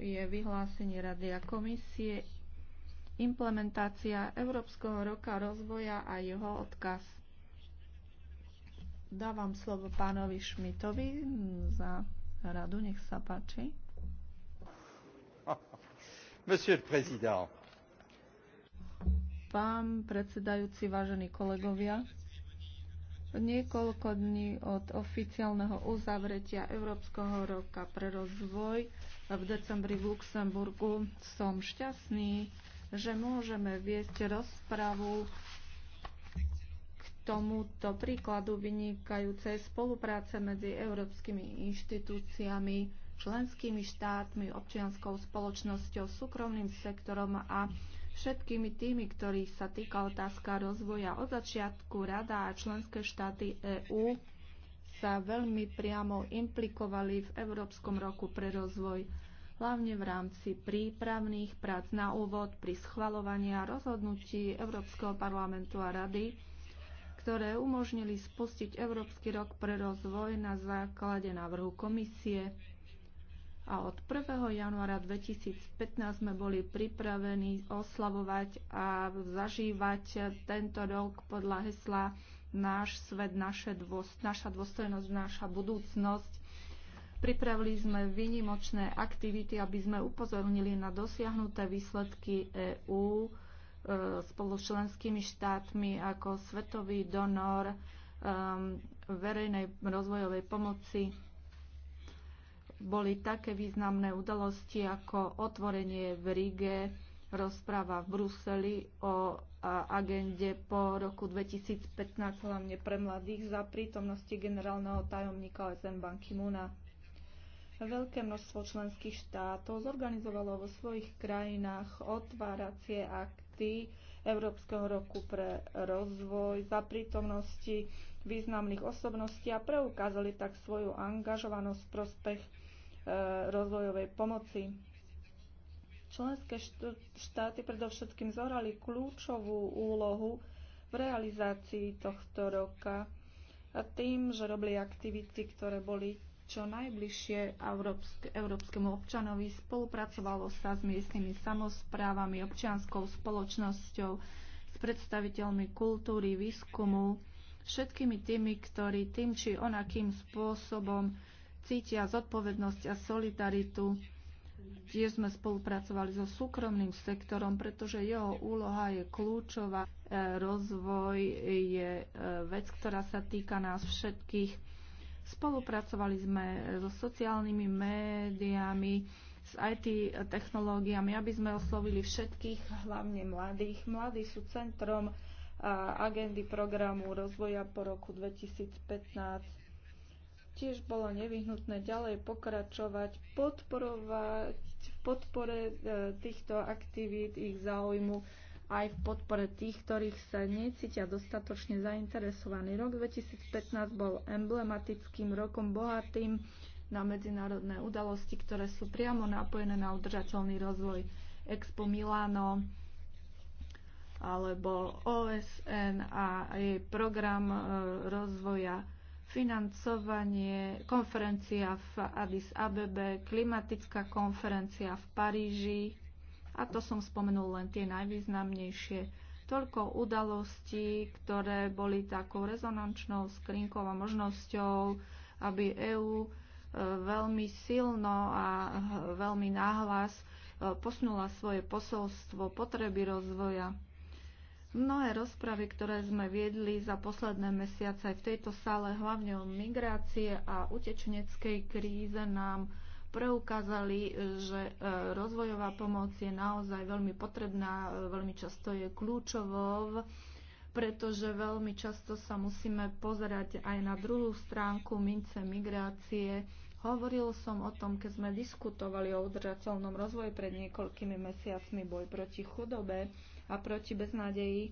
je vyhlásenie Rady a komisie implementácia Európskeho roka rozvoja a jeho odkaz. Dávam slovo pánovi Šmitovi za radu, nech sa páči. Monsieur le Président. Pán predsedajúci, vážení kolegovia, niekoľko dní od oficiálneho uzavretia Európskeho roka pre rozvoj v decembri v Luxemburgu. Som šťastný, že môžeme viesť rozpravu k tomuto príkladu vynikajúcej spolupráce medzi európskymi inštitúciami, členskými štátmi, občianskou spoločnosťou, súkromným sektorom a všetkými tými, ktorých sa týka otázka rozvoja. Od začiatku Rada a členské štáty EÚ sa veľmi priamo implikovali v Európskom roku pre rozvoj, hlavne v rámci prípravných prác na úvod pri a rozhodnutí Európskeho parlamentu a rady, ktoré umožnili spustiť Európsky rok pre rozvoj na základe návrhu komisie. A od 1. januára 2015 sme boli pripravení oslavovať a zažívať tento rok podľa hesla náš svet, naše dôs- naša dôstojnosť, naša budúcnosť. Pripravili sme výnimočné aktivity, aby sme upozornili na dosiahnuté výsledky EÚ e, spolu s členskými štátmi ako svetový donor e, verejnej rozvojovej pomoci. Boli také významné udalosti ako otvorenie v Rige, rozpráva v Bruseli o agende po roku 2015, hlavne pre mladých, za prítomnosti generálneho tajomníka OSN Ban Ki-moona. Veľké množstvo členských štátov zorganizovalo vo svojich krajinách otváracie akty Európskeho roku pre rozvoj za prítomnosti významných osobností a preukázali tak svoju angažovanosť v prospech e, rozvojovej pomoci. Členské štáty predovšetkým zohrali kľúčovú úlohu v realizácii tohto roka a tým, že robili aktivity, ktoré boli čo najbližšie európskemu občanovi. Spolupracovalo sa s miestnymi samozprávami, občianskou spoločnosťou, s predstaviteľmi kultúry, výskumu, všetkými tými, ktorí tým či onakým spôsobom cítia zodpovednosť a solidaritu Tiež sme spolupracovali so súkromným sektorom, pretože jeho úloha je kľúčová. E, rozvoj je e, vec, ktorá sa týka nás všetkých. Spolupracovali sme e, so sociálnymi médiami, s IT technológiami, aby sme oslovili všetkých, hlavne mladých. Mladí sú centrom agendy programu rozvoja po roku 2015 tiež bolo nevyhnutné ďalej pokračovať, podporovať v podpore e, týchto aktivít, ich záujmu, aj v podpore tých, ktorých sa necítia dostatočne zainteresovaní. Rok 2015 bol emblematickým rokom bohatým na medzinárodné udalosti, ktoré sú priamo napojené na udržateľný rozvoj Expo Milano, alebo OSN a jej program e, rozvoja financovanie, konferencia v Addis Abebe, klimatická konferencia v Paríži. A to som spomenul len tie najvýznamnejšie. Toľko udalostí, ktoré boli takou rezonančnou skrinkou a možnosťou, aby EÚ e, veľmi silno a e, veľmi náhlas e, posunula svoje posolstvo potreby rozvoja Mnohé rozpravy, ktoré sme viedli za posledné mesiace aj v tejto sále, hlavne o migrácie a utečeneckej kríze, nám preukázali, že e, rozvojová pomoc je naozaj veľmi potrebná, e, veľmi často je kľúčovou, pretože veľmi často sa musíme pozerať aj na druhú stránku mince migrácie. Hovoril som o tom, keď sme diskutovali o udržateľnom rozvoji pred niekoľkými mesiacmi boj proti chudobe, a proti beznádeji,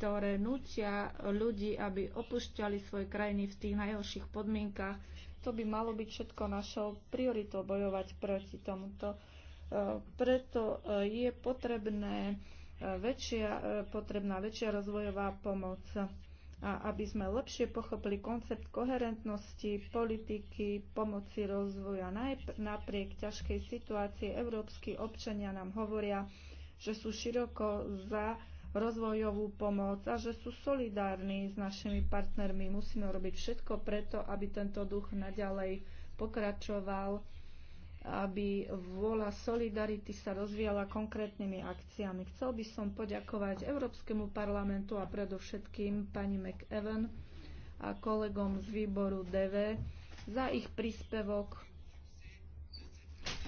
ktoré nutia ľudí, aby opúšťali svoje krajiny v tých najhorších podmienkach. To by malo byť všetko našou prioritou bojovať proti tomuto. E, preto e, je potrebné e, väčšia, potrebná väčšia rozvojová pomoc a aby sme lepšie pochopili koncept koherentnosti politiky pomoci rozvoja. Napriek ťažkej situácii európsky občania nám hovoria, že sú široko za rozvojovú pomoc a že sú solidárni s našimi partnermi. Musíme robiť všetko preto, aby tento duch naďalej pokračoval, aby vôľa solidarity sa rozvíjala konkrétnymi akciami. Chcel by som poďakovať Európskemu parlamentu a predovšetkým pani McEwen a kolegom z výboru DV za ich príspevok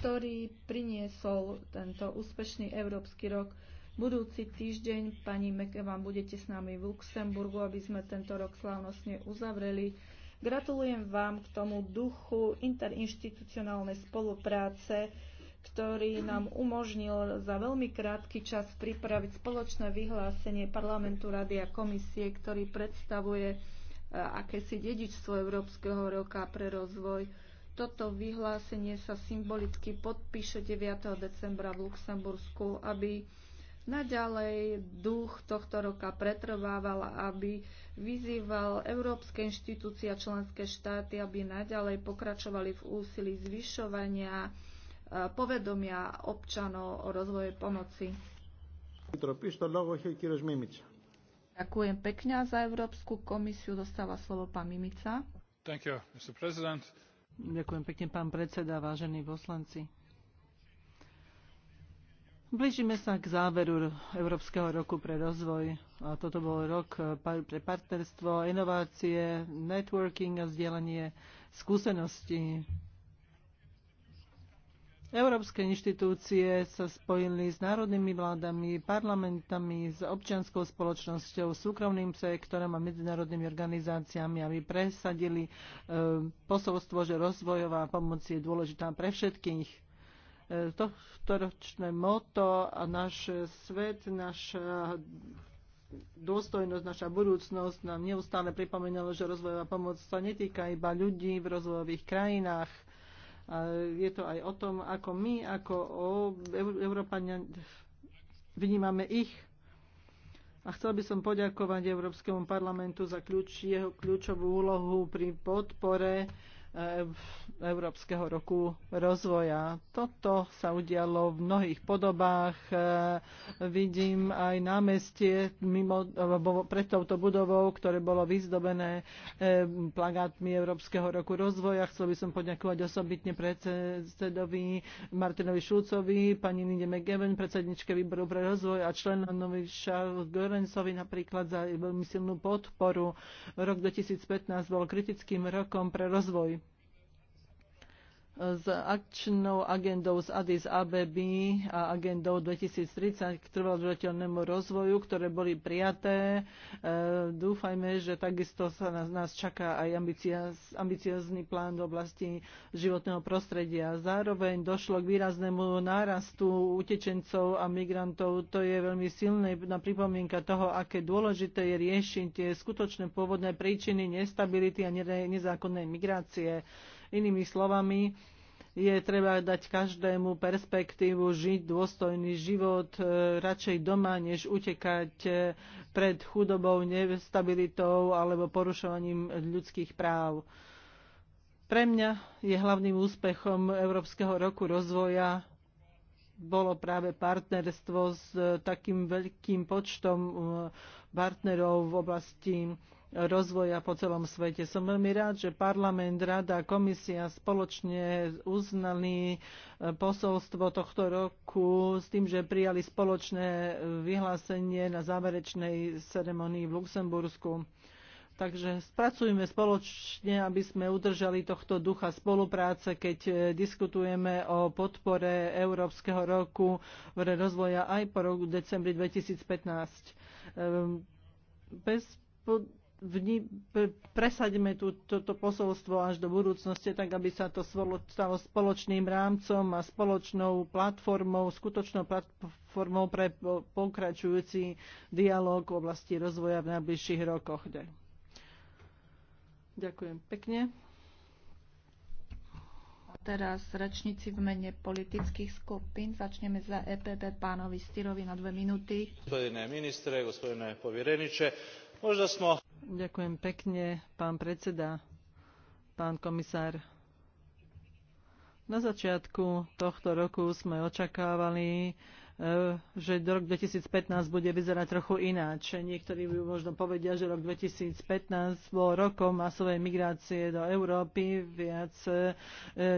ktorý priniesol tento úspešný Európsky rok. Budúci týždeň, pani Mekevan, budete s nami v Luxemburgu, aby sme tento rok slávnostne uzavreli. Gratulujem vám k tomu duchu interinstitucionálnej spolupráce, ktorý nám umožnil za veľmi krátky čas pripraviť spoločné vyhlásenie parlamentu, rady a komisie, ktorý predstavuje eh, akési dedičstvo Európskeho roka pre rozvoj toto vyhlásenie sa symbolicky podpíše 9. decembra v Luxembursku, aby naďalej duch tohto roka pretrvával, aby vyzýval európske inštitúcie a členské štáty, aby naďalej pokračovali v úsilí zvyšovania e, povedomia občanov o rozvoje pomoci. Ďakujem pekne za Európsku komisiu. Dostáva slovo pán Mimica. Thank you, Mr. President. Ďakujem pekne, pán predseda, vážení poslanci. Blížime sa k záveru Európskeho roku pre rozvoj. A toto bol rok eh, pre partnerstvo, inovácie, networking a vzdielanie skúseností. Európske inštitúcie sa spojili s národnými vládami, parlamentami, s občianskou spoločnosťou, súkromným sektorom a medzinárodnými organizáciami, aby presadili e, posolstvo, že rozvojová pomoc je dôležitá pre všetkých e, tohtoročné moto a náš svet, naša dôstojnosť, naša budúcnosť nám neustále pripomínalo, že rozvojová pomoc sa netýka iba ľudí v rozvojových krajinách, je to aj o tom, ako my, ako Európania vnímame ich. A chcel by som poďakovať Európskemu parlamentu za kľúč, jeho kľúčovú úlohu pri podpore Európskeho roku rozvoja. Toto sa udialo v mnohých podobách. E, vidím aj námestie mimo, pred touto budovou, ktoré bolo vyzdobené e, plagátmi Európskeho roku rozvoja. Chcel by som poďakovať osobitne predsedovi Martinovi Šulcovi, pani Nine McGeven, predsedničke výboru pre rozvoj a členovi Charles Gorensovi napríklad za veľmi silnú podporu. Rok 2015 bol kritickým rokom pre rozvoj s akčnou agendou z Addis Abeby a agendou 2030 k trvalodržateľnému rozvoju, ktoré boli prijaté. E, dúfajme, že takisto sa nás, nás čaká aj ambiciozný plán v oblasti životného prostredia. Zároveň došlo k výraznému nárastu utečencov a migrantov. To je veľmi silné na pripomienka toho, aké dôležité je riešiť tie skutočné pôvodné príčiny nestability a nezákonnej migrácie Inými slovami, je treba dať každému perspektívu žiť dôstojný život, e, radšej doma, než utekať e, pred chudobou, nestabilitou alebo porušovaním ľudských práv. Pre mňa je hlavným úspechom Európskeho roku rozvoja bolo práve partnerstvo s takým veľkým počtom e, partnerov v oblasti rozvoja po celom svete. Som veľmi rád, že parlament, rada, komisia spoločne uznali e, posolstvo tohto roku s tým, že prijali spoločné e, vyhlásenie na záverečnej ceremonii v Luxembursku. Takže spracujme spoločne, aby sme udržali tohto ducha spolupráce, keď e, diskutujeme o podpore Európskeho roku v rozvoja aj po roku decembri 2015. Ehm, bez vni, presaďme tú, toto posolstvo až do budúcnosti, tak aby sa to stalo spoločným rámcom a spoločnou platformou, skutočnou platformou pre pokračujúci dialog v oblasti rozvoja v najbližších rokoch. Ďakujem pekne. teraz rečníci v mene politických skupín. Začneme za EPP pánovi Styrovi na dve minúty. Gospodine ministre, gospodine povereniče, možda smo Ďakujem pekne, pán predseda, pán komisár. Na začiatku tohto roku sme očakávali, E, že do rok 2015 bude vyzerať trochu ináč. Niektorí by možno povedia, že rok 2015 bol rokom masovej migrácie do Európy viac, e,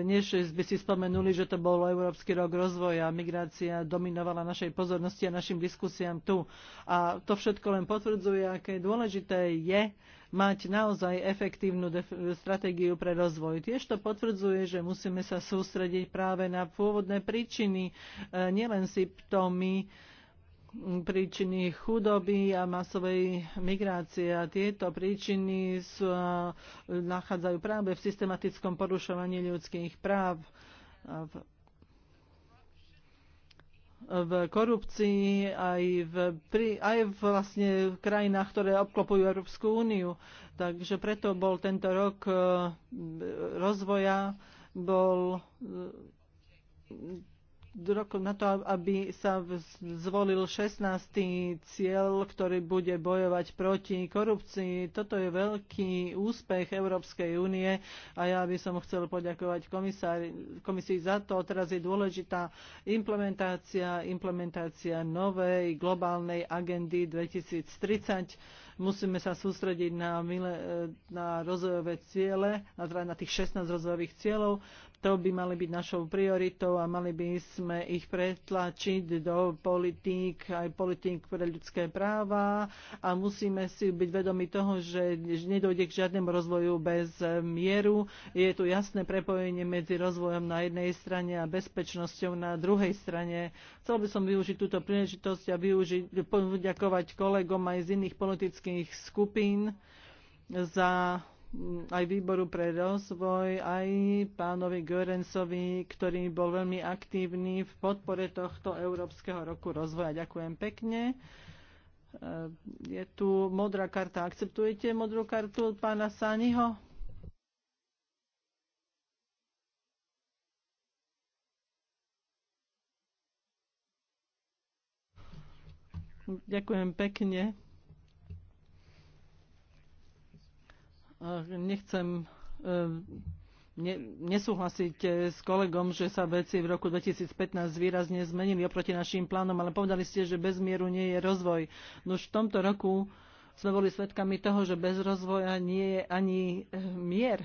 než by si spomenuli, že to bol Európsky rok rozvoja. Migrácia dominovala našej pozornosti a našim diskusiám tu. A to všetko len potvrdzuje, aké dôležité je mať naozaj efektívnu stratégiu pre rozvoj. Tiež to potvrdzuje, že musíme sa sústrediť práve na pôvodné príčiny, e, nielen symptómy, príčiny chudoby a masovej migrácie. A tieto príčiny sú, nachádzajú práve v systematickom porušovaní ľudských práv. A v v korupcii, aj v, pri, aj vlastne v krajinách, ktoré obklopujú Európsku úniu. Takže preto bol tento rok e, rozvoja bol e, rokov na to, aby sa zvolil 16. cieľ, ktorý bude bojovať proti korupcii. Toto je veľký úspech Európskej únie a ja by som chcel poďakovať komisii za to. Teraz je dôležitá implementácia, implementácia novej globálnej agendy 2030. Musíme sa sústrediť na, na rozvojové ciele, na, na tých 16 rozvojových cieľov to by mali byť našou prioritou a mali by sme ich pretlačiť do politík, aj politík pre ľudské práva a musíme si byť vedomi toho, že nedojde k žiadnemu rozvoju bez mieru. Je tu jasné prepojenie medzi rozvojom na jednej strane a bezpečnosťou na druhej strane. Chcel by som využiť túto príležitosť a využiť, poďakovať kolegom aj z iných politických skupín za Mm, aj výboru pre rozvoj, aj pánovi Görensovi, ktorý bol veľmi aktívny v podpore tohto Európskeho roku rozvoja. Ďakujem pekne. E, je tu modrá karta. Akceptujete modrú kartu od pána Sániho? Ďakujem pekne. Eh, nechcem eh, ne, nesúhlasiť eh, s kolegom, že sa veci v roku 2015 výrazne zmenili oproti našim plánom, ale povedali ste, že bez mieru nie je rozvoj. No už v tomto roku sme boli svedkami toho, že bez rozvoja nie je ani mier.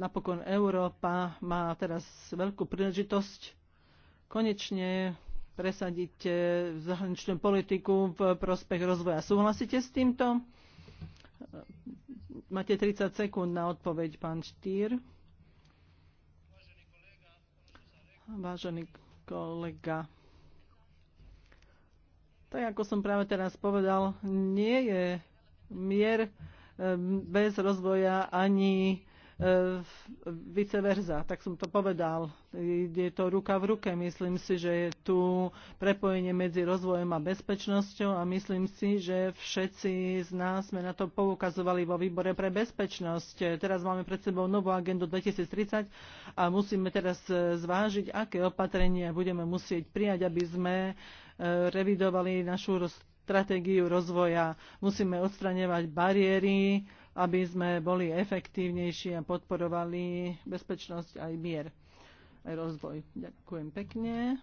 Napokon Európa má teraz veľkú príležitosť konečne presadiť zahraničnú politiku v prospech rozvoja. Súhlasíte s týmto? Máte 30 sekúnd na odpoveď, pán Štýr. Vážený kolega, tak ako som práve teraz povedal, nie je mier ehm, bez rozvoja ani vice versa, tak som to povedal. Je to ruka v ruke. Myslím si, že je tu prepojenie medzi rozvojom a bezpečnosťou a myslím si, že všetci z nás sme na to poukazovali vo výbore pre bezpečnosť. Teraz máme pred sebou novú agendu 2030 a musíme teraz e, zvážiť, aké opatrenia budeme musieť prijať, aby sme e, revidovali našu stratégiu rozvoja. Musíme odstraňovať bariéry, aby sme boli efektívnejší a podporovali bezpečnosť aj mier, aj rozvoj. Ďakujem pekne.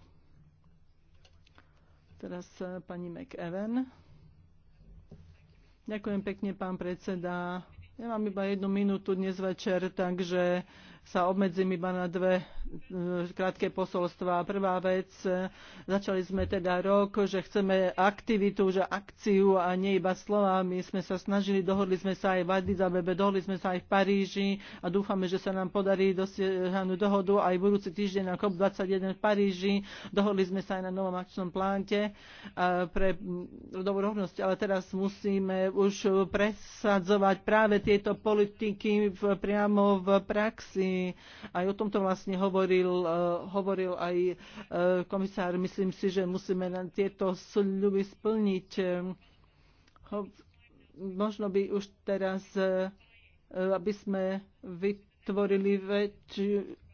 Teraz eh, pani McEwen. Ďakujem pekne, pán predseda. Ja mám iba jednu minútu dnes večer, takže sa obmedzím iba na dve e, krátke posolstva. Prvá vec, e, začali sme teda rok, že chceme aktivitu, že akciu a nie iba slova. My sme sa snažili, dohodli sme sa aj v Addis Abebe, dohodli sme sa aj v Paríži a dúfame, že sa nám podarí dosiahnuť dohodu aj budúci týždeň na COP21 v Paríži. Dohodli sme sa aj na novom akčnom plánte e, pre rodovú rovnosť, ale teraz musíme už presadzovať práve tieto politiky priamo v praxi krajiny. Aj o tomto vlastne hovoril, e, hovoril aj e, komisár. Myslím si, že musíme na tieto sľuby splniť. Možno by už teraz, e, aby sme vytvorili väčšiu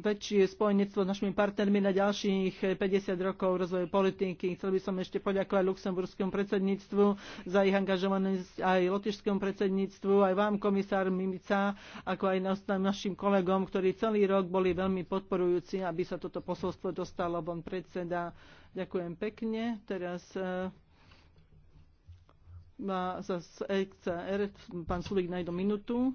väčšie spojenectvo s našimi partnermi na ďalších 50 rokov rozvoju politiky. Chcel by som ešte poďakovať luxemburskému predsedníctvu za ich angažovanosť, aj lotišskému predsedníctvu, aj vám, komisár Mimica, ako aj našim kolegom, ktorí celý rok boli veľmi podporujúci, aby sa toto posolstvo dostalo von predseda. Ďakujem pekne. Teraz e, má za ECR pán Sulik na minútu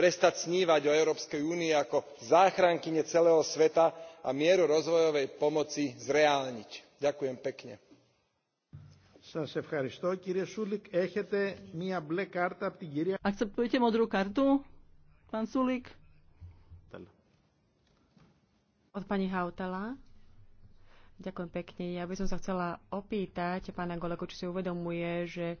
prestať snívať o európskej únii ako záchrankyni celého sveta a mieru rozvojovej pomoci zreálniť. ďakujem pekne. akceptujete modrú kartu pán sulík? od pani hautala. Ďakujem pekne. Ja by som sa chcela opýtať pána Golegu, či si uvedomuje, že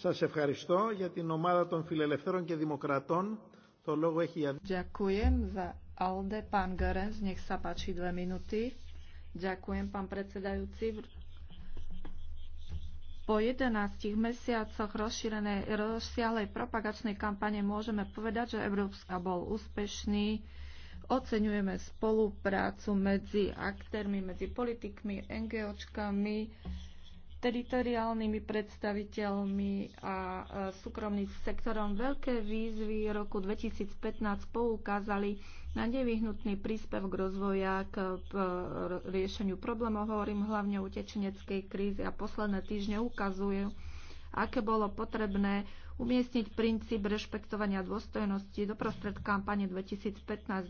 Σας ευχαριστώ για την ομάδα των φιλελευθέρων και δημοκρατών. Το λόγο έχει... Ďakujem za Alde, pán Gerenc, nech sa páči dve minúty. Ďakujem, pán predsedajúci. Po 11 mesiacoch rozšírenej rozsiahlej propagačnej kampane môžeme povedať, že Európska bol úspešný. Oceňujeme spoluprácu medzi aktérmi, medzi politikmi, NGOčkami, teritoriálnymi predstaviteľmi a e, súkromným sektorom. Veľké výzvy roku 2015 poukázali na nevyhnutný príspevok rozvoja k e, riešeniu problémov. Hovorím hlavne o utečeneckej kríze a posledné týždne ukazujú, aké bolo potrebné umiestniť princíp rešpektovania dôstojnosti doprostred kampane 2015.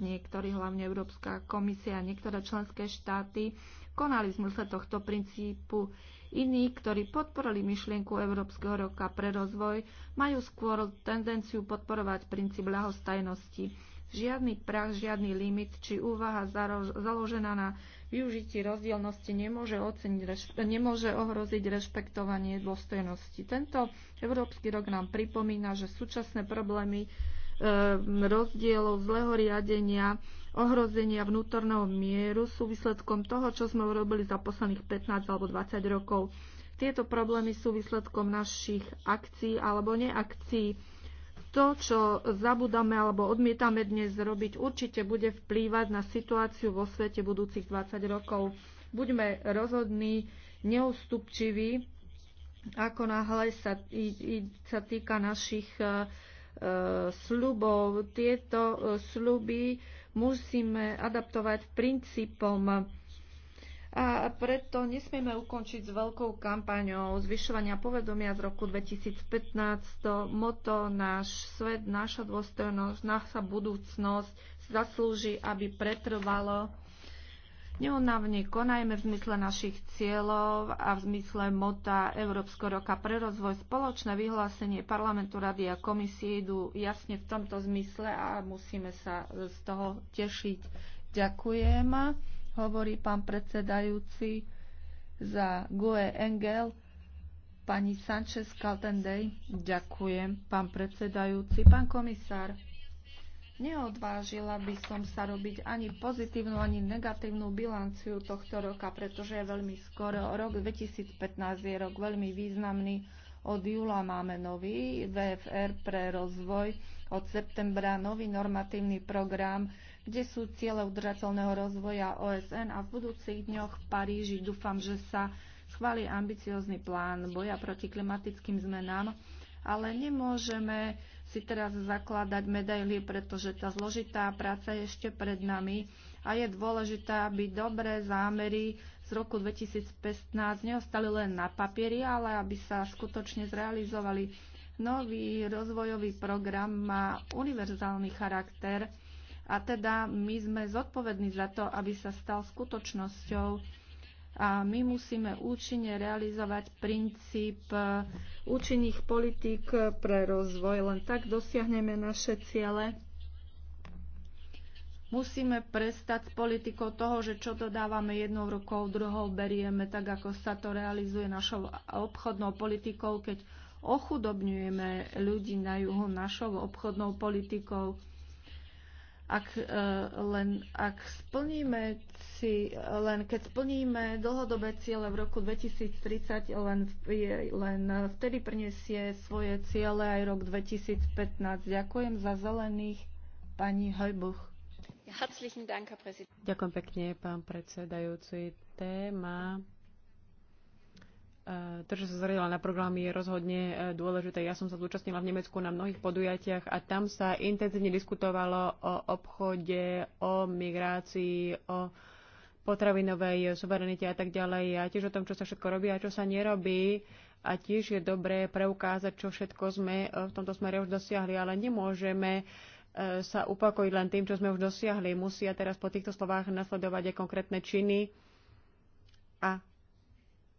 Niektorí, hlavne Európska komisia a niektoré členské štáty, konali v zmysle tohto princípu. Iní, ktorí podporili myšlienku Európskeho roka pre rozvoj, majú skôr tendenciu podporovať princíp ľahostajnosti. Žiadny prach, žiadny limit či úvaha založená na využití rozdielnosti nemôže, oceniť, nemôže ohroziť rešpektovanie dôstojnosti. Tento Európsky rok nám pripomína, že súčasné problémy Ehm, rozdielov, zlého riadenia, ohrozenia vnútorného mieru sú výsledkom toho, čo sme urobili za posledných 15 alebo 20 rokov. Tieto problémy sú výsledkom našich akcií alebo neakcií. To, čo zabudáme alebo odmietame dnes robiť, určite bude vplývať na situáciu vo svete budúcich 20 rokov. Buďme rozhodní, neustupčiví, ako náhle sa, i, i, sa týka našich uh, E, slubov. Tieto e, sluby musíme adaptovať princípom a preto nesmieme ukončiť s veľkou kampaňou zvyšovania povedomia z roku 2015. To moto náš svet, naša dôstojnosť, naša budúcnosť zaslúži, aby pretrvalo Neunavne konajme v zmysle našich cieľov a v zmysle mota Európsko roka pre rozvoj. Spoločné vyhlásenie parlamentu, rady a komisie idú jasne v tomto zmysle a musíme sa z toho tešiť. Ďakujem, hovorí pán predsedajúci za GUE Engel. Pani Sanchez Caltendej, ďakujem, pán predsedajúci, pán komisár. Neodvážila by som sa robiť ani pozitívnu, ani negatívnu bilanciu tohto roka, pretože je veľmi skoro. Rok 2015 je rok veľmi významný. Od júla máme nový VFR pre rozvoj, od septembra nový normatívny program, kde sú ciele udržateľného rozvoja OSN a v budúcich dňoch v Paríži dúfam, že sa schváli ambiciózny plán boja proti klimatickým zmenám ale nemôžeme si teraz zakladať medaily, pretože tá zložitá práca je ešte pred nami a je dôležité, aby dobré zámery z roku 2015 neostali len na papieri, ale aby sa skutočne zrealizovali. Nový rozvojový program má univerzálny charakter a teda my sme zodpovední za to, aby sa stal skutočnosťou a my musíme účinne realizovať princíp e, účinných politík pre rozvoj. Len tak dosiahneme naše ciele. Musíme prestať s politikou toho, že čo to dávame jednou rukou, druhou berieme, tak ako sa to realizuje našou obchodnou politikou, keď ochudobňujeme ľudí na juhu našou obchodnou politikou ak, e, len, ak splníme si, len keď splníme dlhodobé ciele v roku 2030, len, len vtedy prinesie svoje ciele aj rok 2015. Ďakujem za zelených pani Hojbuch. Ďakujem pekne, pán predsedajúci. Téma Eh, to, čo sa zariadila na programy, je rozhodne eh, dôležité. Ja som sa zúčastnila v Nemecku na mnohých podujatiach a tam sa intenzívne diskutovalo o obchode, o migrácii, o potravinovej suverenite a tak ďalej a tiež o tom, čo sa všetko robí a čo sa nerobí a tiež je dobré preukázať, čo všetko sme eh, v tomto smere už dosiahli, ale nemôžeme sa upokojiť len tým, čo sme už dosiahli. Musia teraz po týchto slovách nasledovať aj konkrétne činy a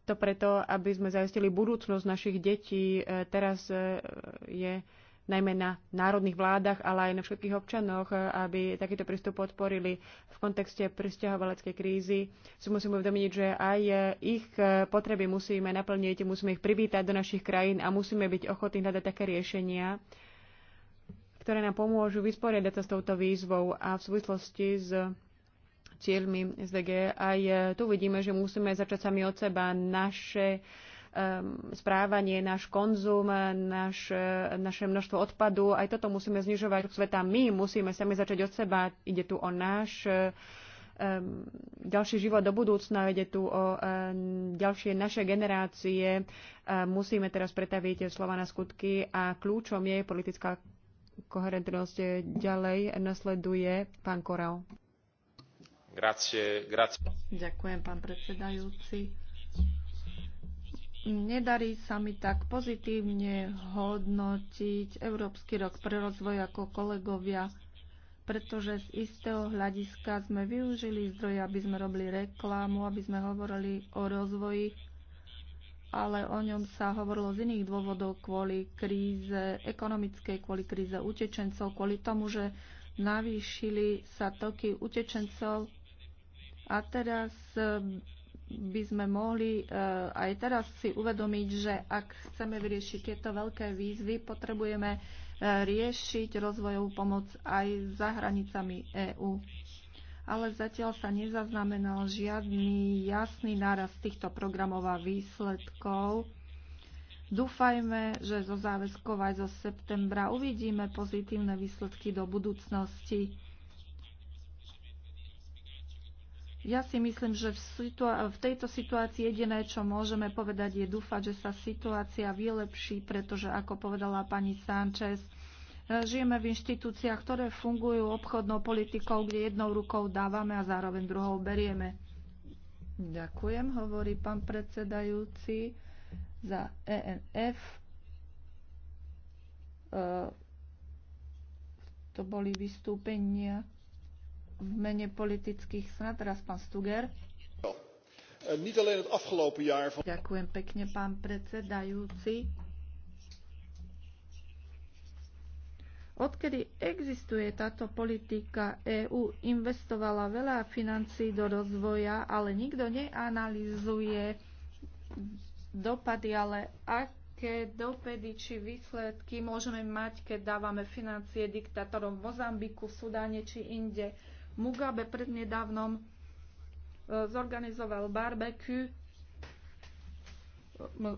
to preto, aby sme zajistili budúcnosť našich detí. E, teraz e, je najmä na národných vládach, ale aj na všetkých občanoch, e, aby takýto prístup podporili v kontexte pristahovaleckej krízy. Si musíme uvedomiť, že aj ich potreby musíme naplniť, musíme ich privítať do našich krajín a musíme byť ochotní hľadať také riešenia, ktoré nám pomôžu vysporiadať sa s touto výzvou a v súvislosti s cieľmi SDG. Aj e, tu vidíme, že musíme začať sami od seba naše správanie, náš konzum, e, naš, e, naše množstvo odpadu. Aj toto musíme znižovať sveta my, musíme sami začať od seba. Ide tu o náš um, ďalší život do budúcna, ide tu o um, ďalšie naše generácie. Um, musíme teraz pretaviť slova na skutky a kľúčom je politická koherentnosť. Ďalej nasleduje pán Koral. Grazie, grazie. Ďakujem, pán predsedajúci. Nedarí sa mi tak pozitívne hodnotiť Európsky rok pre rozvoj ako kolegovia, pretože z istého hľadiska sme využili zdroje, aby sme robili reklamu, aby sme hovorili o rozvoji, ale o ňom sa hovorilo z iných dôvodov kvôli kríze ekonomickej, kvôli kríze utečencov, kvôli tomu, že navýšili sa toky utečencov a teraz e, by sme mohli e, aj teraz si uvedomiť, že ak chceme vyriešiť tieto veľké výzvy, potrebujeme e, riešiť rozvojovú pomoc aj za hranicami EÚ. Ale zatiaľ sa nezaznamenal žiadny jasný náraz týchto programov a výsledkov. Dúfajme, že zo záväzkov aj zo septembra uvidíme pozitívne výsledky do budúcnosti Ja si myslím, že v, v tejto situácii jediné, čo môžeme povedať, je dúfať, že sa situácia vylepší, pretože, ako povedala pani Sánchez, žijeme v inštitúciách, ktoré fungujú obchodnou politikou, kde jednou rukou dávame a zároveň druhou berieme. Ďakujem, hovorí pán predsedajúci za ENF. E, to boli vystúpenia v mene politických snad, teraz pán Stuger. Ďakujem pekne, pán predsedajúci. Odkedy existuje táto politika, EÚ investovala veľa financí do rozvoja, ale nikto neanalizuje dopady, ale aké dopady či výsledky môžeme mať, keď dávame financie diktátorom v Mozambiku, v Sudáne či inde. Mugabe prednedávnom e, zorganizoval barbecue e,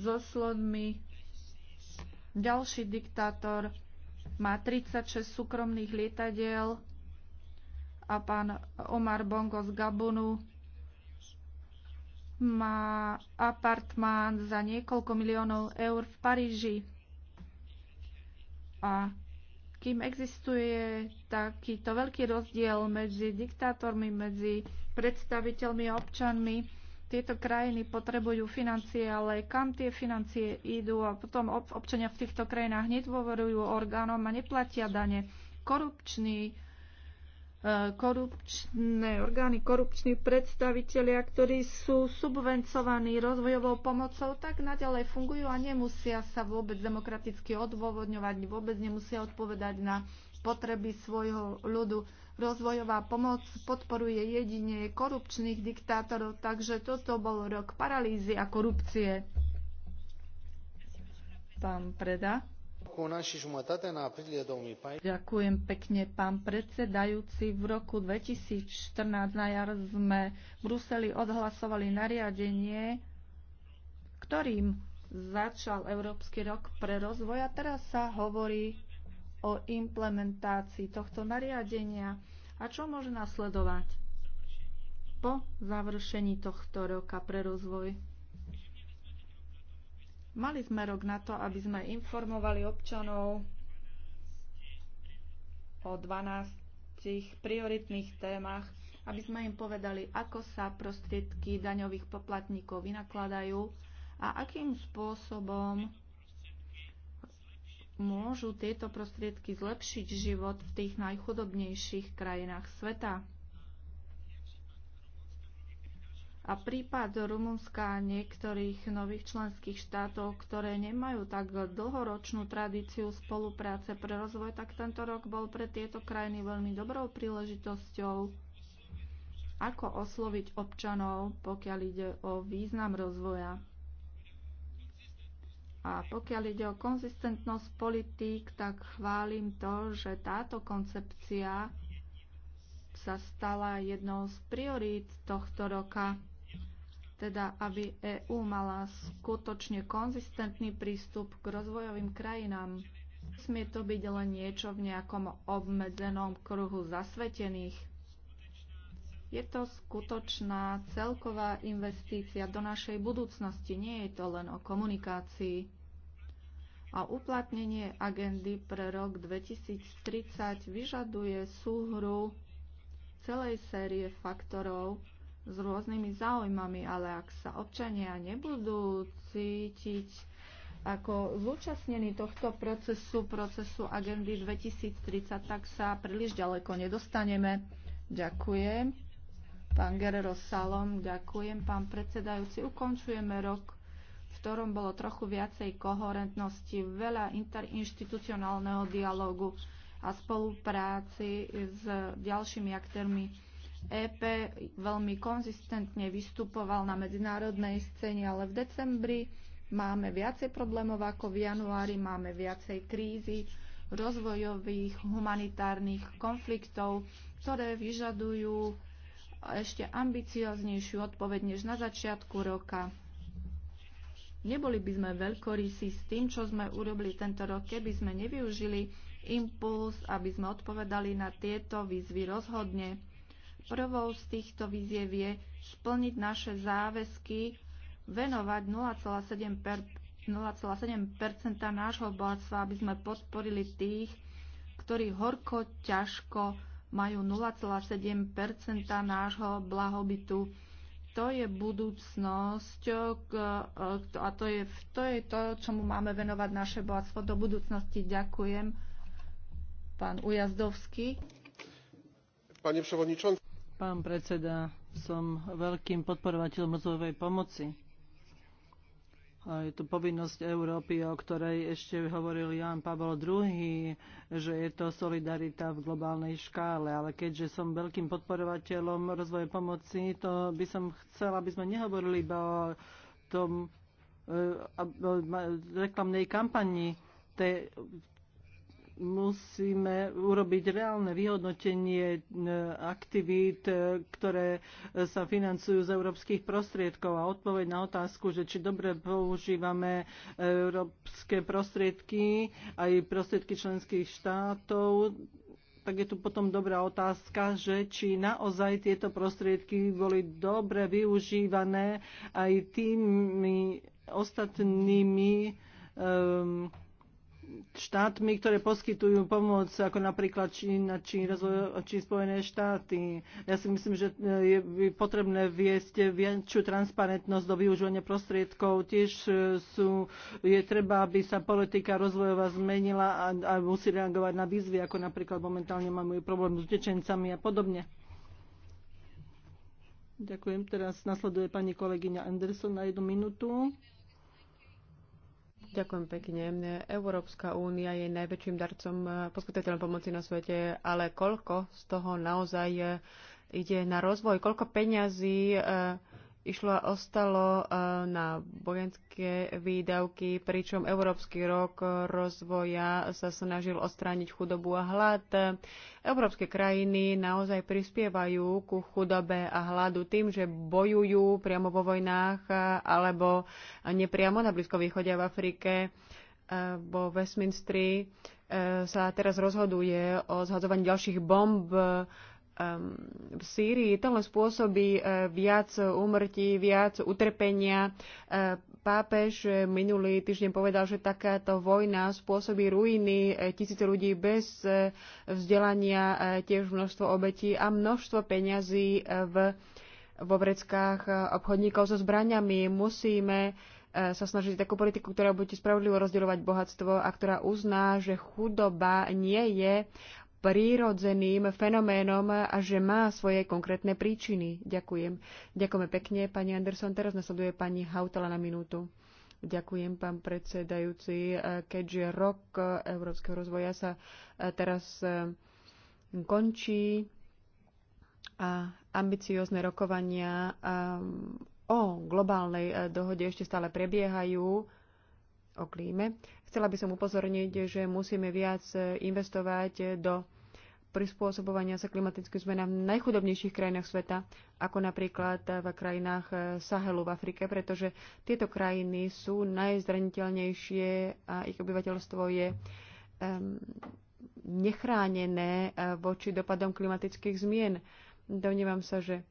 so slonmi. Ďalší diktátor má 36 súkromných lietadiel a pán Omar Bongo z Gabonu má apartmán za niekoľko miliónov eur v Paríži a kým existuje takýto veľký rozdiel medzi diktátormi, medzi predstaviteľmi a občanmi, tieto krajiny potrebujú financie, ale kam tie financie idú a potom občania v týchto krajinách nedôverujú orgánom a neplatia dane. Korupčný Eh, korupčné orgány, korupční predstavitelia, ktorí sú subvencovaní rozvojovou pomocou, tak naďalej fungujú a nemusia sa vôbec demokraticky odôvodňovať, vôbec nemusia odpovedať na potreby svojho ľudu. Rozvojová pomoc podporuje jedine korupčných diktátorov, takže toto bol rok paralýzy a korupcie. Pán Preda. Ďakujem pekne, pán predsedajúci. V roku 2014 na jar sme v Bruseli odhlasovali nariadenie, ktorým začal Európsky rok pre rozvoj a teraz sa hovorí o implementácii tohto nariadenia a čo môže nasledovať po završení tohto roka pre rozvoj. Mali sme rok na to, aby sme informovali občanov o 12 prioritných témach, aby sme im povedali, ako sa prostriedky daňových poplatníkov vynakladajú a akým spôsobom môžu tieto prostriedky zlepšiť život v tých najchudobnejších krajinách sveta. A prípad Rumunska a niektorých nových členských štátov, ktoré nemajú tak dlhoročnú tradíciu spolupráce pre rozvoj, tak tento rok bol pre tieto krajiny veľmi dobrou príležitosťou, ako osloviť občanov, pokiaľ ide o význam rozvoja. A pokiaľ ide o konzistentnosť politík, tak chválim to, že táto koncepcia sa stala jednou z priorít tohto roka teda aby EÚ mala skutočne konzistentný prístup k rozvojovým krajinám. Smie to byť len niečo v nejakom obmedzenom kruhu zasvetených. Je to skutočná celková investícia do našej budúcnosti, nie je to len o komunikácii. A uplatnenie agendy pre rok 2030 vyžaduje súhru celej série faktorov, s rôznymi záujmami, ale ak sa občania nebudú cítiť ako zúčastnení tohto procesu, procesu agendy 2030, tak sa príliš ďaleko nedostaneme. Ďakujem. Pán Guerrero Salom, ďakujem. Pán predsedajúci, ukončujeme rok, v ktorom bolo trochu viacej koherentnosti, veľa interinstitucionálneho dialogu a spolupráci s ďalšími aktérmi EP veľmi konzistentne vystupoval na medzinárodnej scéne, ale v decembri máme viacej problémov ako v januári, máme viacej krízy, rozvojových, humanitárnych konfliktov, ktoré vyžadujú ešte ambicioznejšiu odpoveď než na začiatku roka. Neboli by sme veľkorysí s tým, čo sme urobili tento rok, keby sme nevyužili impuls, aby sme odpovedali na tieto výzvy rozhodne. Prvou z týchto výziev je splniť naše záväzky venovať 0,7 nášho bohatstva, aby sme podporili tých, ktorí horko ťažko majú 0,7 nášho blahobytu. To je budúcnosť e, a to je, to je to, čomu máme venovať naše bohatstvo do budúcnosti. Ďakujem. Pán Ujazdovský. Panie przewodniczący. Pán predseda, som veľkým podporovateľom rozvojovej pomoci. A je to povinnosť Európy, o ktorej ešte hovoril Jan Pavel II, že je to solidarita v globálnej škále. Ale keďže som veľkým podporovateľom rozvoje pomoci, to by som chcela, aby sme nehovorili iba o tom e, o reklamnej kampani tej, musíme urobiť reálne vyhodnotenie e, aktivít, e, ktoré e, sa financujú z európskych prostriedkov a odpoveď na otázku, že či dobre používame európske prostriedky, aj prostriedky členských štátov, tak je tu potom dobrá otázka, že či naozaj tieto prostriedky boli dobre využívané aj tými ostatnými um, štátmi, ktoré poskytujú pomoc, ako napríklad Čína či, rozvoj, či Spojené štáty. Ja si myslím, že e, je potrebné viesť väčšiu transparentnosť do využívania prostriedkov. Tiež e, sú, je treba, aby sa politika rozvojová zmenila a, a musí reagovať na výzvy, ako napríklad momentálne máme problém s utečencami a podobne. Ďakujem. Teraz nasleduje pani kolegyňa Anderson na jednu minútu. Ďakujem pekne. Európska únia je najväčším darcom eh, poskytovateľom pomoci na svete, ale koľko z toho naozaj eh, ide na rozvoj? Koľko peňazí eh, išlo a ostalo e, na vojenské výdavky, pričom Európsky rok rozvoja sa snažil odstrániť chudobu a hlad. Európske krajiny naozaj prispievajú ku chudobe a hladu tým, že bojujú priamo vo vojnách e, alebo nepriamo na blízko východe a v Afrike e, vo Westminstri sa teraz rozhoduje o zhadzovaní ďalších bomb Um, v Sýrii. Tohle spôsobí uh, viac úmrtí, viac utrpenia. Uh, pápež minulý týždeň povedal, že takáto vojna spôsobí ruiny uh, tisíce ľudí bez vzdelania, tiež množstvo obetí a množstvo peňazí v, vo vreckách obchodníkov so zbraniami. Musíme sa snažiť takú politiku, ktorá bude spravodlivo rozdeľovať bohatstvo a ktorá uzná, že chudoba nie je prírodzeným fenoménom a že má svoje konkrétne príčiny. Ďakujem. Ďakujeme pekne, pani Anderson. Teraz nasleduje pani Hautala na minútu. Ďakujem, pán predsedajúci. Keďže rok európskeho rozvoja sa e, teraz e, končí a ambiciózne rokovania e, o globálnej dohode ešte stále prebiehajú, o klíme. Chcela by som upozorniť, že musíme viac e, investovať do prispôsobovania sa klimatickým zmenám v najchudobnejších krajinách sveta, ako napríklad v krajinách e, Sahelu v Afrike, pretože tieto krajiny sú najzraniteľnejšie a ich obyvateľstvo je um, nechránené e, voči dopadom klimatických zmien. Domnievam sa, že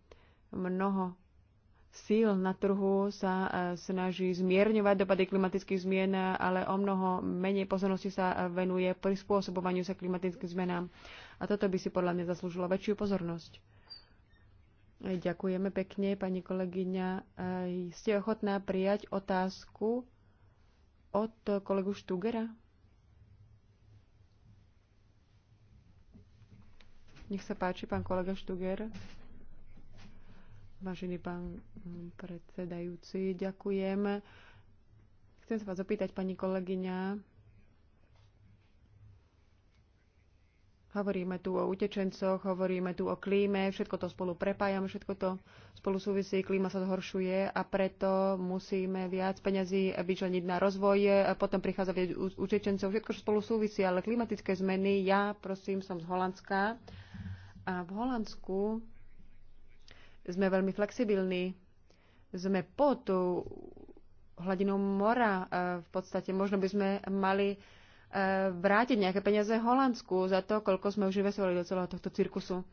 mnoho síl na trhu sa e, snaží zmierňovať dopady klimatických zmien, ale o mnoho menej pozornosti sa venuje prispôsobovaniu sa klimatickým zmenám. A toto by si podľa mňa zaslúžilo väčšiu pozornosť. E, ďakujeme pekne, pani kolegyňa. E, ste ochotná prijať otázku od kolegu Štúgera? Nech sa páči, pán kolega Štuger. Vážený pán predsedajúci, ďakujem. Chcem sa vás opýtať, pani kolegyňa. Hovoríme tu o utečencoch, hovoríme tu o klíme, všetko to spolu prepájame, všetko to spolu súvisí, klíma sa zhoršuje a preto musíme viac peňazí vyčleniť na rozvoj, a potom prichádza viac utečencov, všetko spolu súvisí, ale klimatické zmeny, ja prosím, som z Holandska a v Holandsku sme veľmi flexibilní. Sme pod hladinou mora e, v podstate. Možno by sme mali e, vrátiť nejaké peniaze Holandsku za to, koľko sme už investovali do celého tohto cirkusu. E,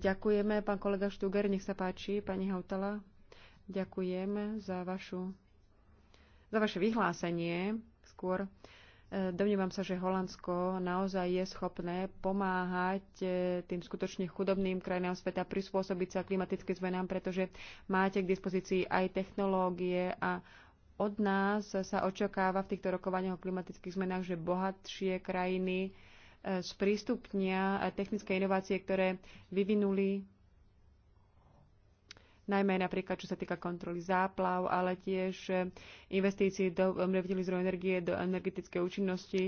ďakujeme, pán kolega Štuger, nech sa páči, pani Hautala. Ďakujem za, vašu, za vaše vyhlásenie skôr. Domnívam sa, že Holandsko naozaj je schopné pomáhať e, tým skutočne chudobným krajinám sveta prispôsobiť sa klimatickým zmenám, pretože máte k dispozícii aj technológie a od nás sa očakáva v týchto rokovaniach o klimatických zmenách, že bohatšie krajiny e, sprístupnia technické inovácie, ktoré vyvinuli najmä napríklad čo sa týka kontroly záplav, ale tiež e, investícií do obnoviteľných zdrojov energie, do energetickej účinnosti.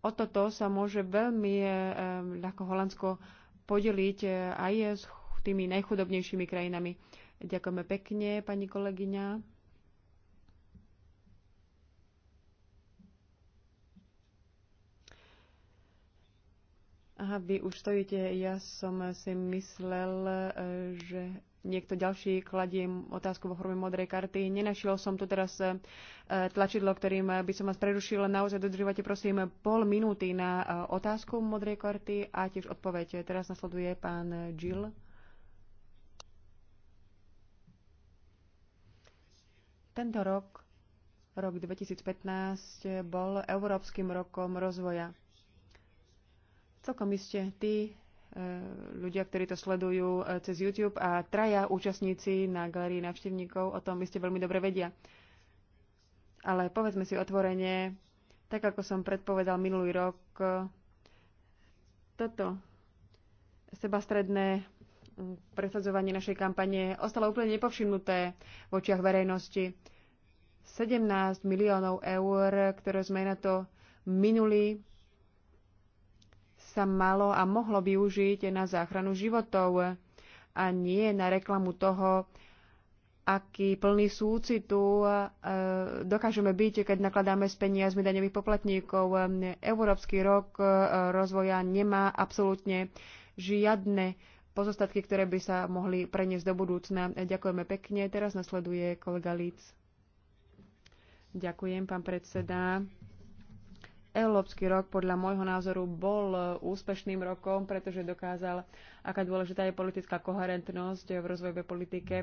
O toto sa môže veľmi e, ľahko Holandsko podeliť e, aj s tými najchudobnejšími krajinami. Ďakujeme pekne, pani kolegyňa. Aha, vy už stojíte. Ja som si myslel, že niekto ďalší kladie otázku vo forme modrej karty. Nenašiel som tu teraz e, tlačidlo, ktorým by som vás prerušil. Naozaj dodržívate prosím pol minúty na e, otázku modrej karty a tiež odpoveď. Teraz nasleduje pán Jill. Tento rok, rok 2015, bol Európskym rokom rozvoja. Celkom iste, tí, ľudia, ktorí to sledujú e, cez YouTube a traja účastníci na galerii návštevníkov o tom iste veľmi dobre vedia. Ale povedzme si otvorene, tak ako som predpovedal minulý rok, e, toto sebastredné presadzovanie našej kampane ostalo úplne nepovšimnuté v očiach verejnosti. 17 miliónov eur, ktoré sme na to minuli, sa malo a mohlo využiť na záchranu životov a nie na reklamu toho, aký plný súcitu e, dokážeme byť, keď nakladáme s peniazmi daňových poplatníkov. Európsky rok e, rozvoja nemá absolútne žiadne pozostatky, ktoré by sa mohli preniesť do budúcna. Ďakujeme pekne. Teraz nasleduje kolega Líc. Ďakujem, pán predseda. Európsky rok podľa môjho názoru bol e, úspešným rokom, pretože dokázal, aká dôležitá je politická koherentnosť v rozvojovej politike.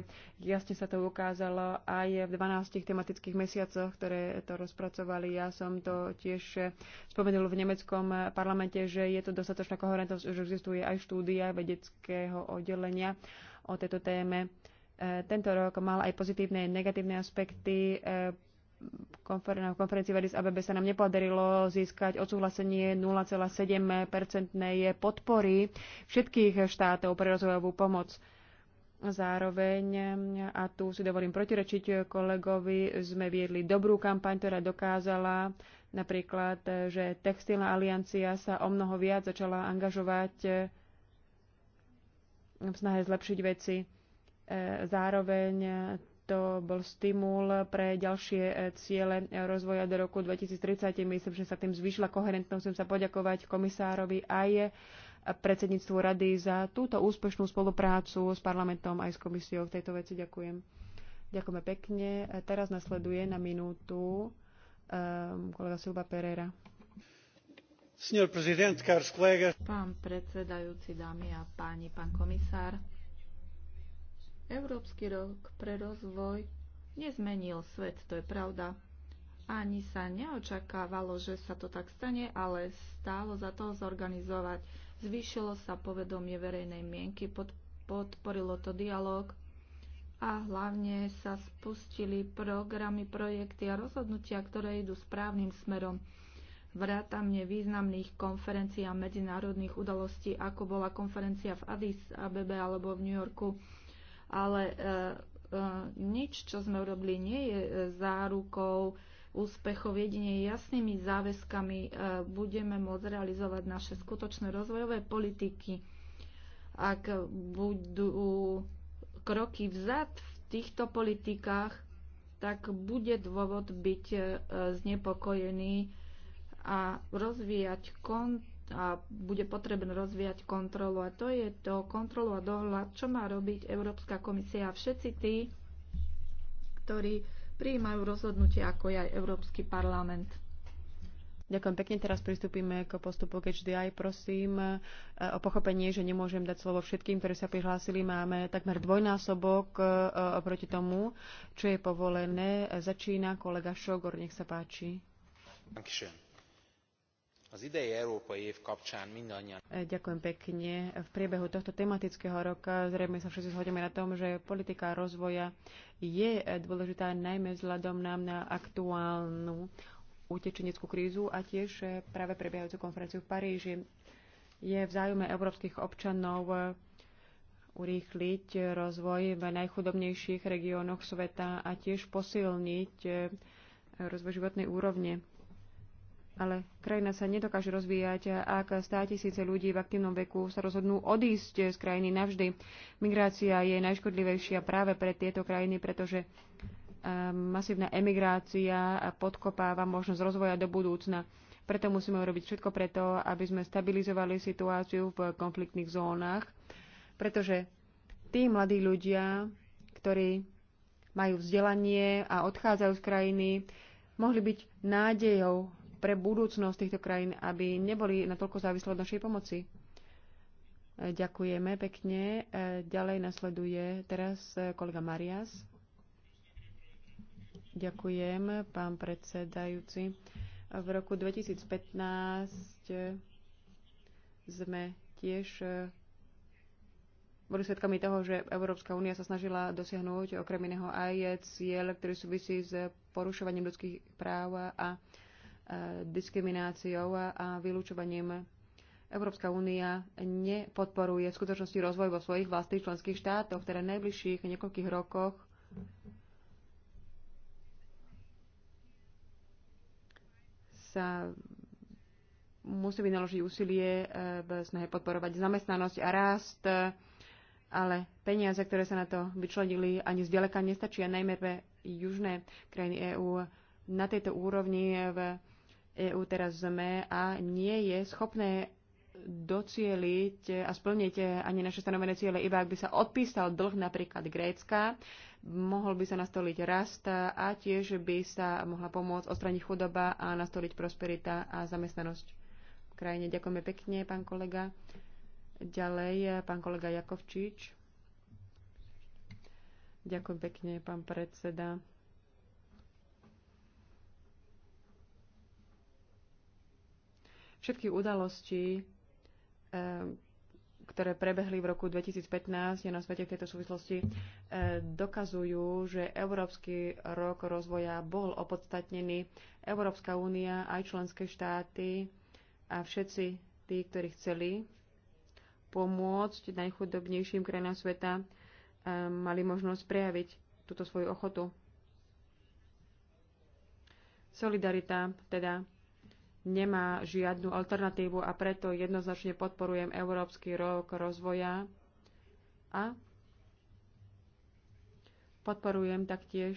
Jasne sa to ukázalo aj v 12 tematických mesiacoch, ktoré to rozpracovali. Ja som to tiež spomenul v nemeckom parlamente, že je to dostatočná koherentnosť, že existuje aj štúdia vedeckého oddelenia o tejto téme. E, tento rok mal aj pozitívne a negatívne aspekty. E, konferencii v Addis Abebe sa nám nepodarilo získať odsúhlasenie 0,7-percentnej podpory všetkých štátov pre rozvojovú pomoc. Zároveň, a tu si dovolím protirečiť kolegovi, sme viedli dobrú kampaň, ktorá dokázala napríklad, že Textilná aliancia sa o mnoho viac začala angažovať v snahe zlepšiť veci. E, zároveň to bol stimul pre ďalšie e, ciele rozvoja do roku 2030. Myslím, že sa tým zvýšila koherentnosť. Chcem sa poďakovať komisárovi aj predsedníctvu rady za túto úspešnú spoluprácu s parlamentom aj s komisiou v tejto veci. Ďakujem. Ďakujeme pekne. Teraz nasleduje na minútu um, kolega Silva Pereira. Pán predsedajúci, dámy a páni, pán komisár, Európsky rok pre rozvoj nezmenil svet, to je pravda. Ani sa neočakávalo, že sa to tak stane, ale stálo za to zorganizovať. Zvýšilo sa povedomie verejnej mienky, podporilo to dialog a hlavne sa spustili programy, projekty a rozhodnutia, ktoré idú správnym smerom Vrátamne významných konferencií a medzinárodných udalostí, ako bola konferencia v Addis Abebe alebo v New Yorku ale e, e, nič, čo sme urobili, nie je e, zárukou úspechov. Jedine jasnými záväzkami budeme môcť realizovať naše skutočné rozvojové politiky. Ak budú kroky vzad v týchto politikách, tak bude dôvod byť znepokojený a rozvíjať kontakt a bude potrebné rozvíjať kontrolu. A to je to kontrolu a dohľad, čo má robiť Európska komisia a všetci tí, ktorí prijímajú rozhodnutie, ako je aj Európsky parlament. Ďakujem pekne. Teraz pristúpime k postupu HDI. Prosím e, o pochopenie, že nemôžem dať slovo všetkým, ktorí sa prihlásili. Máme takmer dvojnásobok e, e, oproti tomu, čo je povolené. Začína kolega Šogor. Nech sa páči. Ďakujem az idei európai év kapcsán mindannyian... E, ďakujem pekne. V priebehu tohto tematického roka zrejme sa všetci zhodneme na tom, že politika rozvoja je e, dôležitá najmä vzhľadom nám na aktuálnu utečeneckú krízu a tiež e, práve prebiehajúcu konferenciu v Paríži. Je v záujme európskych občanov urýchliť rozvoj v najchudobnejších regiónoch sveta a tiež posilniť rozvoj životnej úrovne ale krajina sa nedokáže rozvíjať, ak stá tisíce ľudí v aktívnom veku sa rozhodnú odísť z krajiny navždy. Migrácia je najškodlivejšia práve pre tieto krajiny, pretože ehm, masívna emigrácia podkopáva možnosť rozvoja do budúcna. Preto musíme urobiť všetko preto, aby sme stabilizovali situáciu v konfliktných zónach, pretože tí mladí ľudia, ktorí majú vzdelanie a odchádzajú z krajiny, mohli byť nádejou pre budúcnosť týchto krajín, aby neboli natoľko závislé od našej pomoci. Ďakujeme pekne. Ďalej nasleduje teraz kolega Marias. Ďakujem, pán predsedajúci. V roku 2015 sme tiež eh, boli svedkami toho, že Európska únia sa snažila dosiahnuť okrem iného aj cieľ, ktorý súvisí s porušovaním ľudských práv a diskrimináciou a vylúčovaním. Európska únia nepodporuje v skutočnosti rozvoj vo svojich vlastných členských štátoch, teda v najbližších niekoľkých rokoch sa musí vynaložiť úsilie e, v snahe podporovať zamestnanosť a rast, e, ale peniaze, ktoré sa na to vyčlenili, ani zďaleka nestačia, najmä pre južné krajiny EÚ. Na tejto úrovni e, v EÚ teraz sme a nie je schopné docieliť a splniť ani naše stanovené ciele, iba ak by sa odpísal dlh napríklad Grécka, mohol by sa nastoliť rast a tiež by sa mohla pomôcť odstraniť chudoba a nastoliť prosperita a zamestnanosť v krajine. Ďakujeme pekne, pán kolega. Ďalej, pán kolega Jakovčič. Ďakujem pekne, pán predseda. všetky udalosti, eh, ktoré prebehli v roku 2015 na svete v tejto súvislosti, eh, dokazujú, že Európsky rok rozvoja bol opodstatnený. Európska únia, aj členské štáty a všetci tí, ktorí chceli pomôcť najchudobnejším krajinám sveta, eh, mali možnosť prejaviť túto svoju ochotu. Solidarita teda nemá žiadnu alternatívu a preto jednoznačne podporujem Európsky rok rozvoja a podporujem taktiež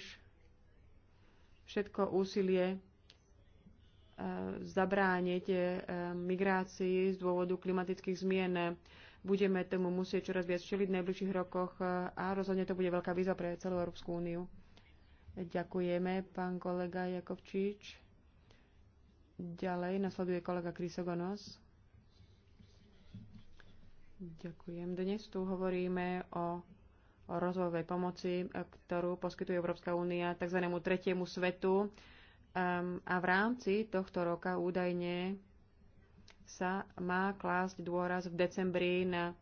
všetko úsilie e, zabrániť e, migrácii z dôvodu klimatických zmien. Budeme tomu musieť čoraz viac čeliť v najbližších rokoch e, a rozhodne to bude veľká výzva pre celú Európsku úniu. Ďakujeme, pán kolega Jakovčič. Ďalej nasleduje kolega Krysogonos. Ďakujem. Dnes tu hovoríme o, o rozvojovej pomoci, ktorú poskytuje Európska únia tzv. tretiemu svetu. Um, a v rámci tohto roka údajne sa má klásť dôraz v decembri na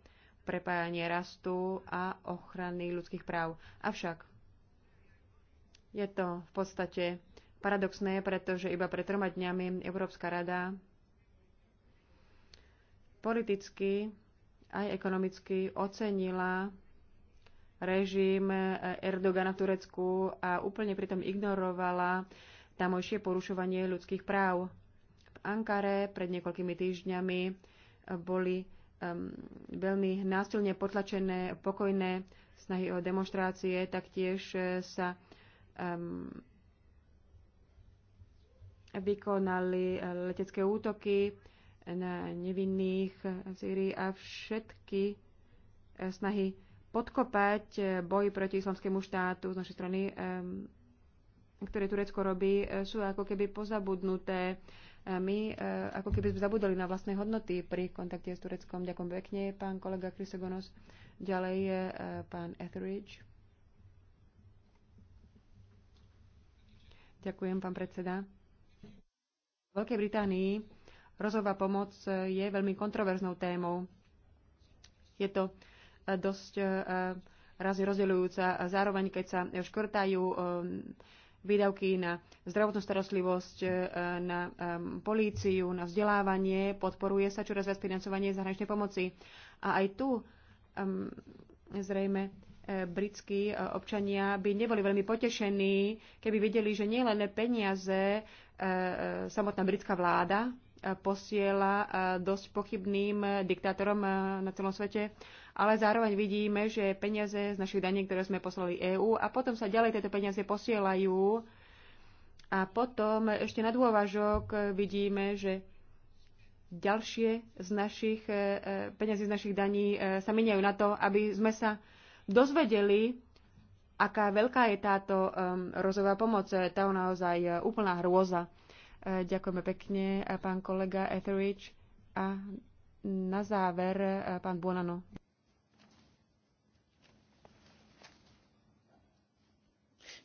prepájanie rastu a ochrany ľudských práv. Avšak je to v podstate paradoxné, pretože iba pred troma dňami Európska rada politicky aj ekonomicky ocenila režim Erdogana v Turecku a úplne pritom ignorovala tamojšie porušovanie ľudských práv. V Ankare pred niekoľkými týždňami eh, boli um, veľmi násilne potlačené pokojné snahy o demonstrácie, taktiež eh, sa um, vykonali eh, letecké útoky na nevinných v a všetky eh, snahy podkopať eh, boj proti islamskému štátu z našej strany, ktoré Turecko robí, sú ako keby pozabudnuté. My ako keby sme zabudali na vlastné hodnoty pri kontakte s Tureckom. Ďakujem pekne, pán kolega Krisogonos. Ďalej je pán Etheridge. Ďakujem, pán predseda. Veľkej Británii rozhová pomoc e, je veľmi kontroverznou témou. Je to e, dosť e, razy rozdeľujúca. A zároveň, keď sa škrtajú výdavky na zdravotnú starostlivosť, na políciu, na vzdelávanie, podporuje sa čoraz viac financovanie zahraničnej pomoci. A aj tu zrejme britskí občania by neboli veľmi potešení, keby videli, že nielen peniaze E, e, samotná britská vláda e, posiela dosť pochybným diktátorom na celom svete, ale zároveň vidíme, že peniaze z našich daní, ktoré sme poslali EÚ a potom sa ďalej tieto peniaze posielajú a potom ešte na dôvažok vidíme, že ďalšie z našich peniazí z našich daní sa miniajú na to, aby sme sa dozvedeli aká veľká je táto um, rozová pomoc. Eh, tá je naozaj eh, úplná hrôza. Eh, ďakujeme pekne, pán kolega Etheridge. A na záver, pán Buonano.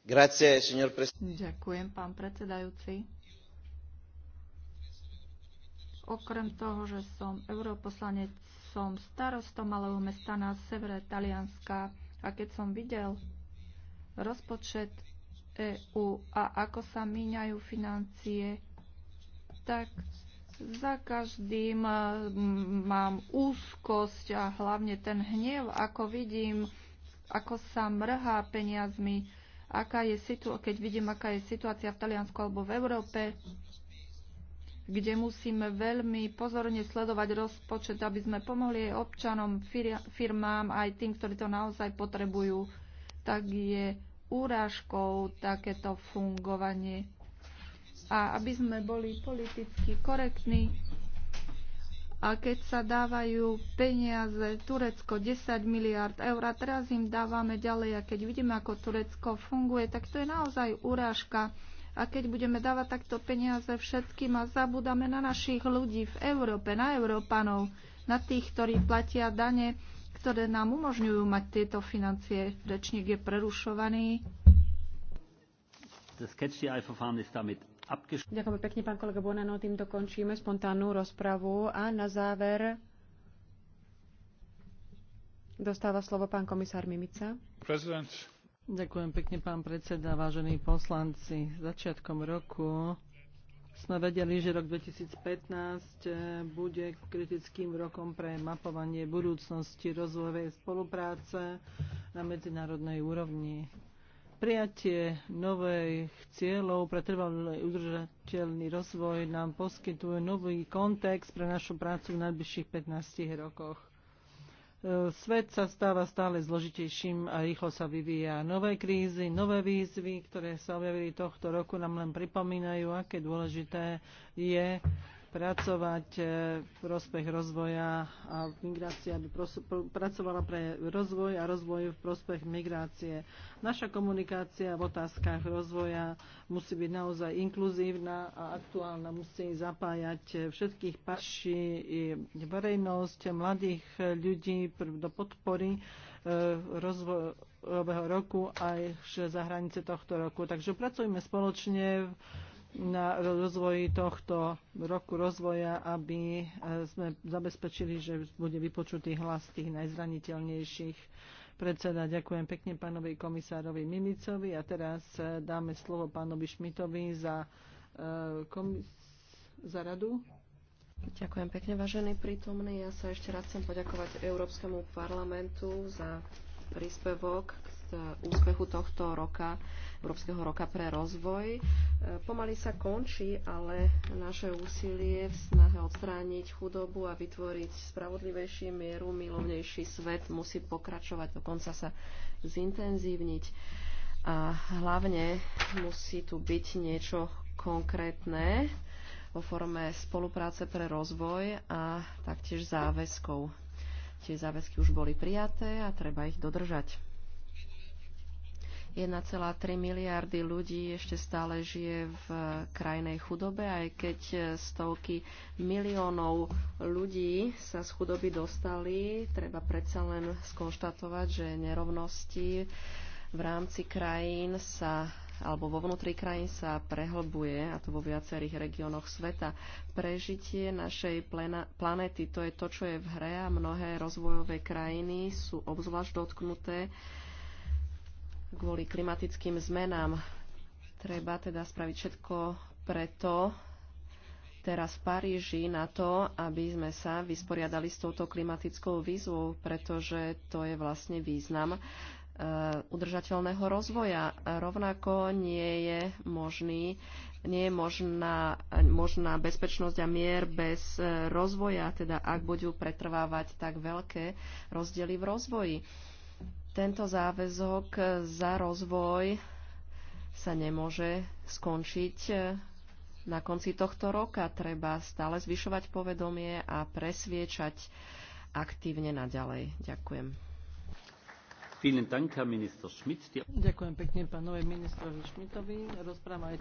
Grazie, signor Ďakujem, pán predsedajúci. Okrem toho, že som europoslanec, som starostom malého mesta na severe Talianska a keď som videl rozpočet EÚ a ako sa míňajú financie, tak za každým e, mám úzkosť a hlavne ten hnev, ako vidím, ako sa mrhá peniazmi, aká je situ- keď vidím, aká je situácia v Taliansku alebo v Európe, kde musíme veľmi pozorne sledovať rozpočet, aby sme pomohli občanom, firmám, aj tým, ktorí to naozaj potrebujú tak je úrážkou takéto fungovanie. A aby sme boli politicky korektní, a keď sa dávajú peniaze Turecko 10 miliard eur a teraz im dávame ďalej a keď vidíme, ako Turecko funguje, tak to je naozaj úrážka. A keď budeme dávať takto peniaze všetkým a zabudáme na našich ľudí v Európe, na Európanov, na tých, ktorí platia dane, ktoré nám umožňujú mať tieto financie. Rečník je prerušovaný. Ďakujem pekne, pán kolega Bonano. Tým dokončíme spontánnu rozpravu a na záver dostáva slovo pán komisár Mimica. President. Ďakujem pekne, pán predseda, vážení poslanci. Začiatkom roku sme vedeli, že rok 2015 eh, bude kritickým rokom pre mapovanie budúcnosti rozvojovej spolupráce na medzinárodnej úrovni. Prijatie nových cieľov pre trvalý udržateľný rozvoj nám poskytuje nový kontext pre našu prácu v najbližších 15 rokoch Svet sa stáva stále zložitejším a rýchlo sa vyvíja. Nové krízy, nové výzvy, ktoré sa objavili tohto roku, nám len pripomínajú, aké dôležité je pracovať e, v prospech rozvoja a migrácia, aby pracovala pre rozvoj a rozvoj v prospech migrácie. Naša komunikácia v otázkach rozvoja musí byť naozaj inkluzívna a aktuálna. Musí zapájať všetkých paši i verejnosť, mladých ľudí do podpory e, rozvojového roku aj za hranice tohto roku. Takže pracujme spoločne na rozvoji tohto roku rozvoja, aby e, sme zabezpečili, že bude vypočutý hlas tých najzraniteľnejších. Predseda, ďakujem pekne pánovi komisárovi Mimicovi a teraz e, dáme slovo pánovi Šmitovi za, e, komis- za radu. Ďakujem pekne, vážený prítomný. Ja sa ešte raz chcem poďakovať Európskemu parlamentu za príspevok k úspechu tohto roka, Európskeho roka pre rozvoj. E, pomaly sa končí, ale naše úsilie v snahe odstrániť chudobu a vytvoriť spravodlivejší mieru, milovnejší svet musí pokračovať, dokonca sa zintenzívniť. A hlavne musí tu byť niečo konkrétne vo forme spolupráce pre rozvoj a taktiež záväzkov. Tie záväzky už boli prijaté a treba ich dodržať. 1,3 miliardy ľudí ešte stále žije v krajnej chudobe, aj keď e, stovky miliónov ľudí sa z chudoby dostali. Treba predsa len skonštatovať, že nerovnosti v rámci krajín sa alebo vo vnútri krajín sa prehlbuje, a to vo viacerých regiónoch sveta. Prežitie našej plena, planety, to je to, čo je v hre a mnohé rozvojové krajiny sú obzvlášť dotknuté uh, kvôli klimatickým zmenám. Treba teda spraviť všetko preto teraz v Paríži na to, aby sme sa vysporiadali s touto klimatickou výzvou, pretože to je vlastne význam e, udržateľného rozvoja. Rovnako nie je možný nie je možná, možná bezpečnosť a mier bez e, rozvoja, teda ak budú pretrvávať tak veľké rozdiely v rozvoji. Tento záväzok za rozvoj sa nemôže skončiť e, na konci tohto roka. Treba stále zvyšovať povedomie a presviečať aktívne naďalej. Ďakujem. Ďakujem pekne pánovi ministrovi Šmitovi. Rozpráva aj.